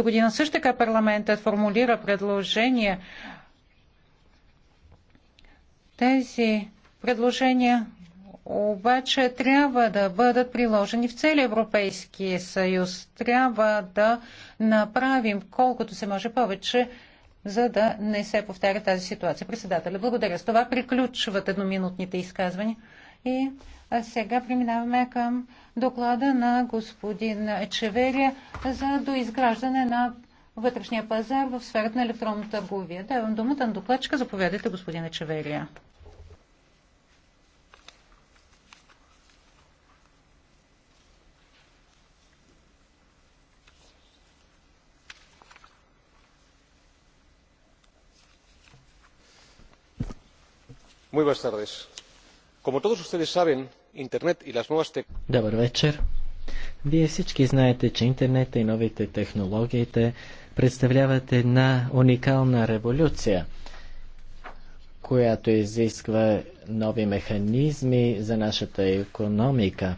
година също така парламентът формулира предложения. Тези предложения обаче трябва да бъдат приложени в целия Европейски съюз. Трябва да направим колкото се може повече, за да не се повтаря тази ситуация. Председателя, благодаря. С това приключват едноминутните изказвания. И сега преминаваме към доклада на господин Ечеверия за доизграждане на вътрешния пазар в сферата на електронната търговия. Давам думата на докладчика. Заповядайте, господин Ечеверия. Muy buenas tardes. Como todos ustedes saben, интернет и las nuevas Добър вечер. Вие всички знаете, че интернет и новите технологиите представляват една уникална революция, която изисква нови механизми за нашата економика.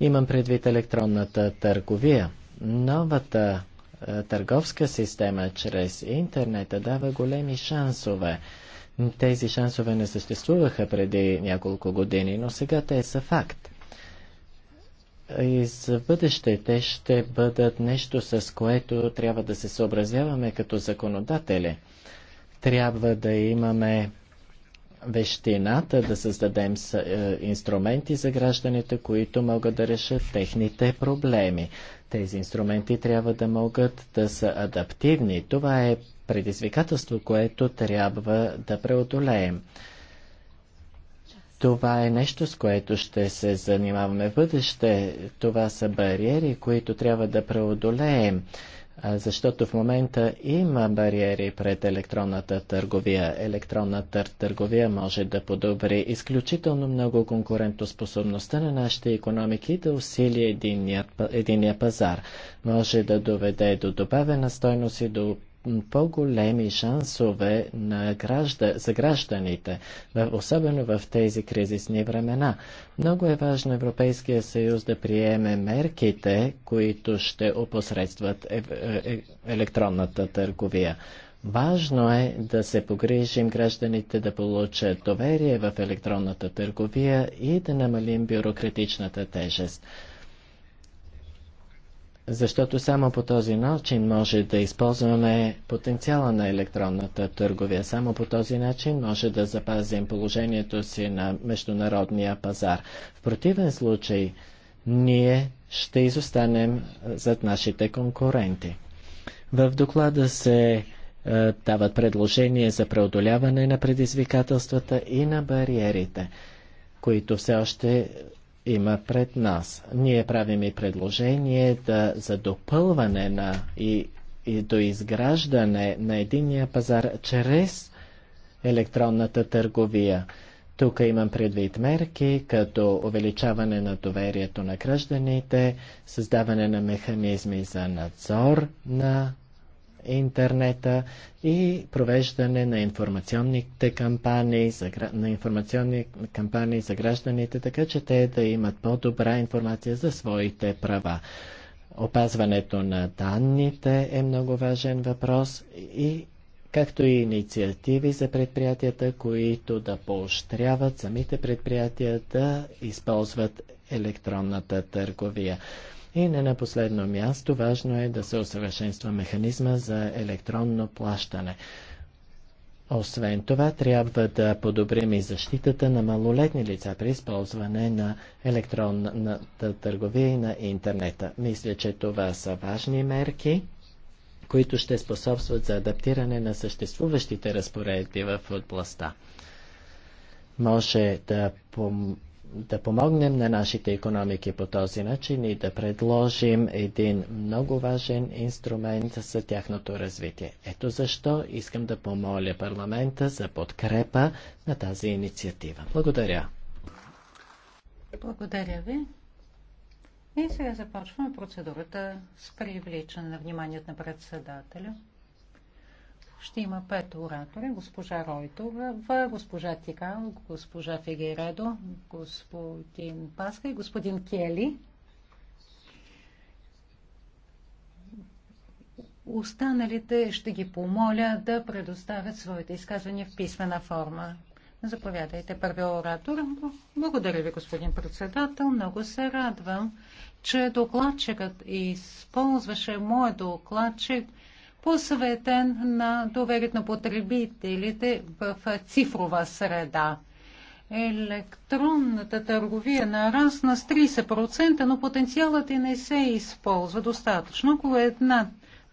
Имам предвид електронната търговия. Новата е, търговска система чрез интернета дава големи шансове – тези шансове не съществуваха преди няколко години, но сега те са факт. И за бъдеще те ще бъдат нещо, с което трябва да се съобразяваме като законодатели. Трябва да имаме вещината, да създадем е, инструменти за гражданите, които могат да решат техните проблеми. Тези инструменти трябва да могат да са адаптивни. Това е предизвикателство, което трябва да преодолеем. Това е нещо, с което ще се занимаваме в бъдеще. Това са бариери, които трябва да преодолеем, защото в момента има бариери пред електронната търговия. Електронната търговия може да подобри изключително много конкурентоспособността на нашите економики и да усили единия, единия пазар. Може да доведе до добавена стойност и до по-големи шансове на гражда, за гражданите, особено в тези кризисни времена. Много е важно Европейския съюз да приеме мерките, които ще опосредстват е, е, електронната търговия. Важно е да се погрижим гражданите да получат доверие в електронната търговия и да намалим бюрократичната тежест. Защото само по този начин може да използваме потенциала на електронната търговия. Само по този начин може да запазим положението си на международния пазар. В противен случай ние ще изостанем зад нашите конкуренти. В доклада се е, дават предложения за преодоляване на предизвикателствата и на бариерите, които все още има пред нас. Ние правим и предложение да, за допълване на и, и до изграждане на единия пазар чрез електронната търговия. Тук имам предвид мерки, като увеличаване на доверието на гражданите, създаване на механизми за надзор на интернета и провеждане на информационните кампании за, на информационни кампании за гражданите, така че те да имат по-добра информация за своите права. Опазването на данните е много важен въпрос и както и инициативи за предприятията, които да поощряват самите предприятия да използват електронната търговия. И не на последно място, важно е да се усъвършенства механизма за електронно плащане. Освен това, трябва да подобрим и защитата на малолетни лица при използване на електронната търговия и на интернета. Мисля, че това са важни мерки, които ще способстват за адаптиране на съществуващите разпоредби в областта. Може да пом да помогнем на нашите економики по този начин и да предложим един много важен инструмент за тяхното развитие. Ето защо искам да помоля парламента за подкрепа на тази инициатива. Благодаря. Благодаря ви. И сега започваме процедурата с привличане на вниманието на председателя ще има пет оратора. Госпожа Ройтова, госпожа Тикал, госпожа Фегередо, господин Паска и господин Кели. Останалите ще ги помоля да предоставят своите изказвания в писмена форма. Заповядайте, първи оратор. Благодаря ви, господин председател. Много се радвам, че докладчикът използваше моят докладчик посветен на доверието на потребителите в цифрова среда. Електронната търговия нарасна с 30%, но потенциалът и не се използва достатъчно, около една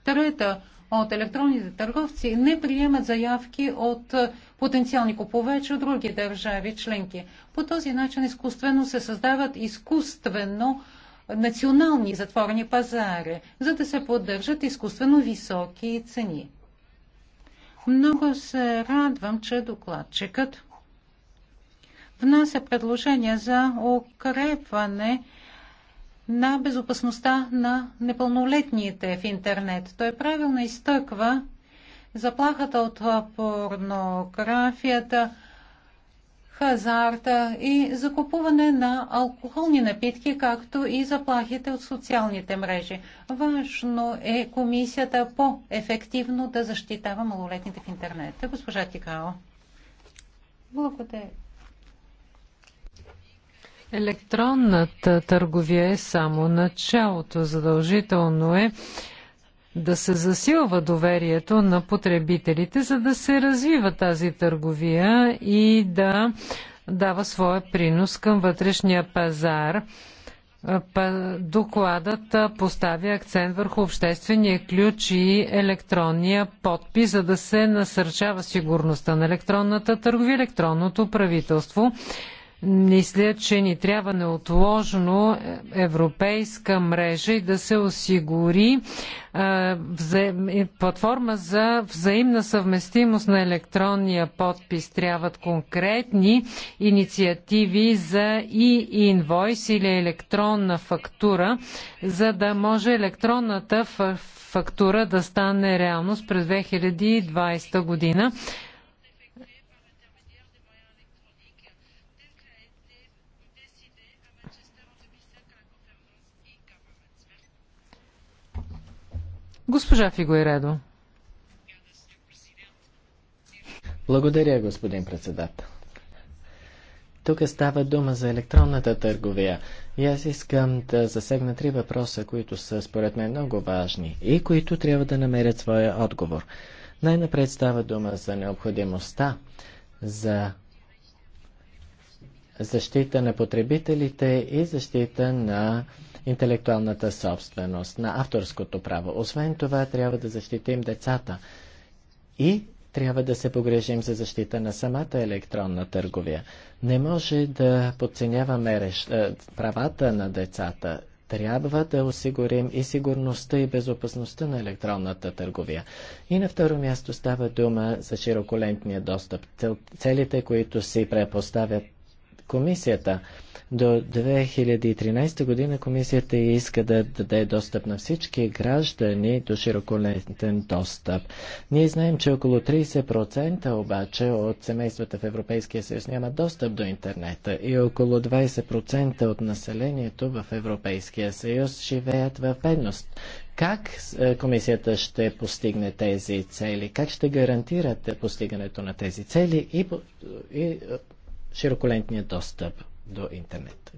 трета от електронните търговци не приемат заявки от потенциални купувачи от други държави членки. По този начин изкуствено се създават изкуствено национални затворени пазари, за да се поддържат изкуствено високи цени. Много се радвам, че докладчикът внася предложение за укрепване на безопасността на непълнолетните в интернет. Той правилно изтъква заплахата от порнографията, хазарта и закупуване на алкохолни напитки, както и заплахите от социалните мрежи. Важно е комисията по-ефективно да защитава малолетните в интернет. Госпожа Тикао. Благодаря. Електронната търговия е само началото. Задължително е да се засилва доверието на потребителите, за да се развива тази търговия и да дава своя принос към вътрешния пазар. Е, докладът е, поставя акцент върху обществения ключ и електронния подпис, за да се насърчава сигурността на електронната търговия, електронното правителство мисля, че ни трябва неотложно европейска мрежа и да се осигури платформа за взаимна съвместимост на електронния подпис. Трябват конкретни инициативи за и инвойс или електронна фактура, за да може електронната фактура да стане реалност през 2020 година. Госпожа Фигуередо. Благодаря, господин председател. Тук става дума за електронната търговия. И аз искам да засегна три въпроса, които са според мен много важни и които трябва да намерят своя отговор. Най-напред става дума за необходимостта за защита на потребителите и защита на интелектуалната собственост, на авторското право. Освен това, трябва да защитим децата и трябва да се погрежим за защита на самата електронна търговия. Не може да подценяваме реш... Е, правата на децата. Трябва да осигурим и сигурността и безопасността на електронната търговия. И на второ място става дума за широколентния достъп. Целите, които си препоставят комисията. До 2013 година комисията иска да даде достъп на всички граждани до широколентен достъп. Ние знаем, че около 30% обаче от семействата в Европейския съюз нямат достъп до интернета и около 20% от населението в Европейския съюз живеят в бедност. Как е, комисията ще постигне тези цели? Как ще гарантирате постигането на тези цели и, и е, широколентния достъп до интернет.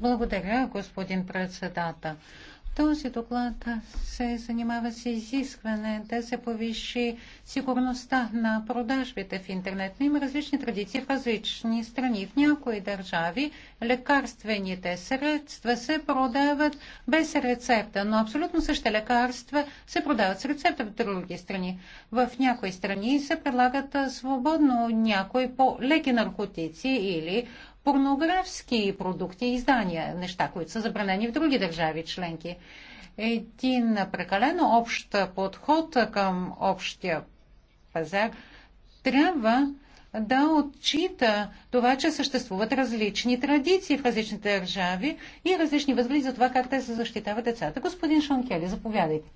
Благодаря, господин председател. Този доклад се занимава с изискване да се повиши сигурността на продажбите в интернет. Но има различни традиции в различни страни. В някои държави лекарствените средства се продават без рецепта, но абсолютно същите лекарства се продават с рецепта в други страни. В някои страни се предлагат свободно някои по-леки наркотици или порнографски продукти и издания, неща, които са забранени в други държави членки. Един прекалено общ подход към общия пазар трябва да отчита това, че съществуват различни традиции в различните държави и различни възгледи за това как те се защитават децата. Господин Шонкели, заповядайте.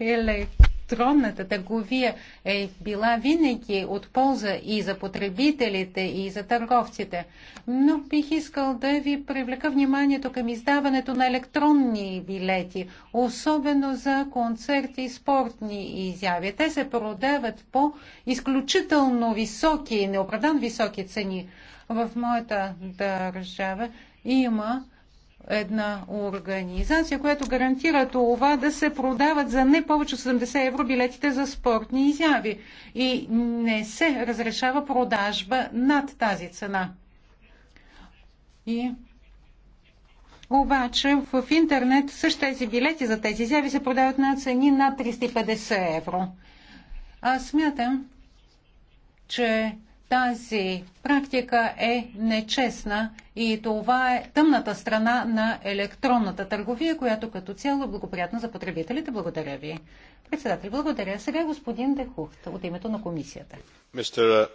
Елей електронната търговия е била винаги от полза и за потребителите, и за търговците. Но бих искал да ви привлека вниманието към издаването на електронни билети, особено за концерти и спортни изяви. Те се продават по изключително високи, неоправдан високи цени. В моята държава има една организация, която гарантира това да се продават за не повече 70 евро билетите за спортни изяви и не се разрешава продажба над тази цена. И обаче в интернет също тези билети за тези изяви се продават на цени на 350 евро. Аз смятам, че тази практика е нечестна и това е тъмната страна на електронната търговия, която като цяло е благоприятна за потребителите. Благодаря ви. Председател, благодаря. Сега е господин Дехухт от името на комисията. Мистер...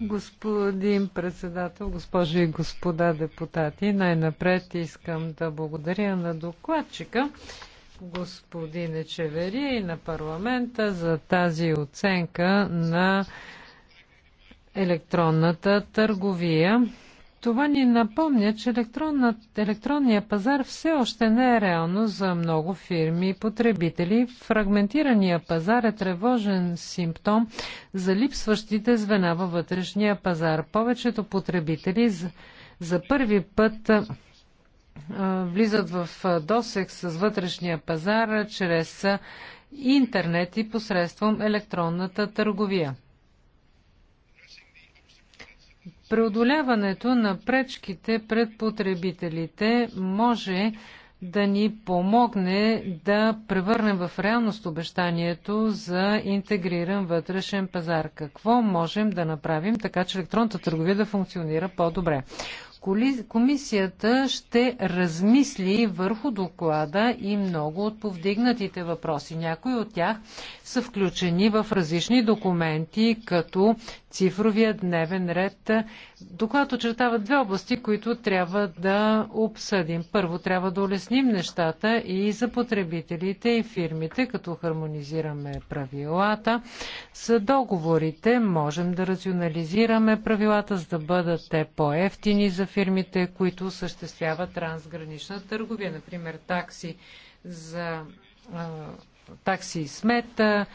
Господин председател, госпожи и господа депутати, най-напред искам да благодаря на докладчика господин Чеверия и на парламента за тази оценка на електронната търговия. Това ни напомня, че електронният пазар все още не е реално за много фирми и потребители. Фрагментирания пазар е тревожен симптом за липсващите звена във вътрешния пазар. Повечето потребители за, за първи път а, влизат в досек с вътрешния пазар чрез интернет и посредством електронната търговия. Преодоляването на пречките пред потребителите може да ни помогне да превърнем в реалност обещанието за интегриран вътрешен пазар. Какво можем да направим така, че електронната търговия да функционира по-добре? Комисията ще размисли върху доклада и много от повдигнатите въпроси. Някои от тях са включени в различни документи, като цифровия дневен ред. Доклад очертава две области, които трябва да обсъдим. Първо, трябва да улесним нещата и за потребителите и фирмите, като хармонизираме правилата. С договорите можем да рационализираме правилата, за да бъдат те по-ефтини за фирмите, които осъществяват трансгранична търговия, например такси за такси и смета,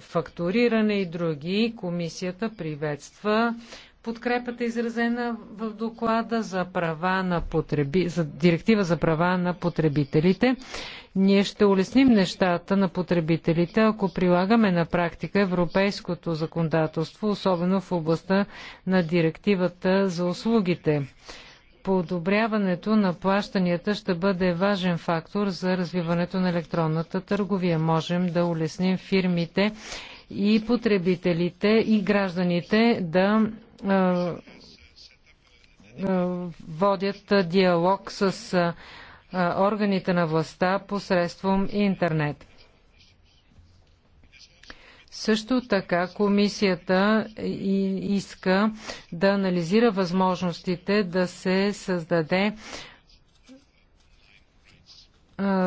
фактуриране и други. Комисията приветства подкрепата изразена в доклада за, права на потреби... за директива за права на потребителите. Ние ще улесним нещата на потребителите, ако прилагаме на практика европейското законодателство, особено в областта на директивата за услугите. Подобряването на плащанията ще бъде важен фактор за развиването на електронната търговия. Можем да улесним фирмите и потребителите и гражданите да водят диалог с органите на властта посредством интернет. Също така комисията иска да анализира възможностите да се създаде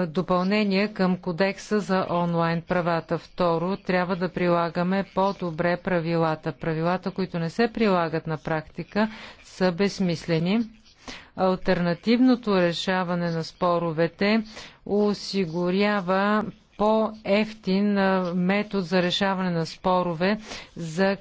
допълнение към кодекса за онлайн правата. Второ, трябва да прилагаме по-добре правилата. Правилата, които не се прилагат на практика, са безсмислени. Альтернативното решаване на споровете осигурява по-ефтин метод за решаване на спорове за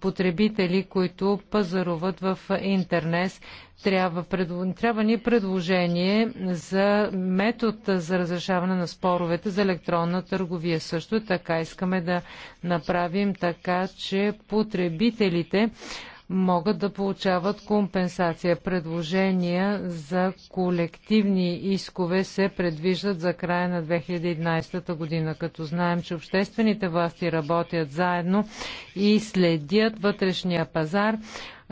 потребители, които пазаруват в интернет трябва, пред, трябва ни предложение за метод за разрешаване на споровете за електронна търговия. Също така искаме да направим така, че потребителите могат да получават компенсация. Предложения за колективни искове се предвиждат за края на 2011 година, като знаем, че обществените власти работят заедно и следят вътрешния пазар.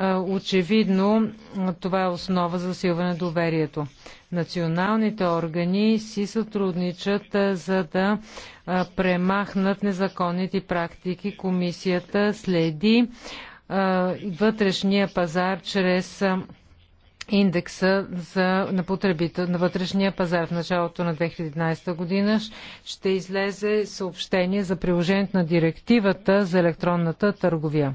Очевидно това е основа за засилване на доверието. Националните органи си сътрудничат за да премахнат незаконните практики. Комисията следи вътрешния пазар чрез индекса за, на потребител на вътрешния пазар в началото на 2011 година ще излезе съобщение за приложението на директивата за електронната търговия.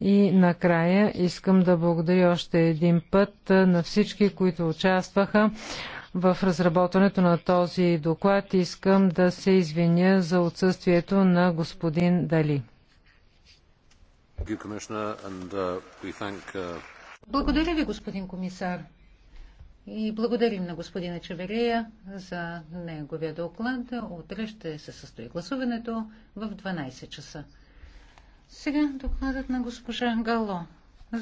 И накрая искам да благодаря още един път на всички, които участваха в разработването на този доклад. Искам да се извиня за отсъствието на господин Дали. Благодаря ви, господин комисар. И благодарим на господина Чеверея за неговия доклад. Утре ще се състои гласуването в 12 часа. Сега докладът на госпожа Гало.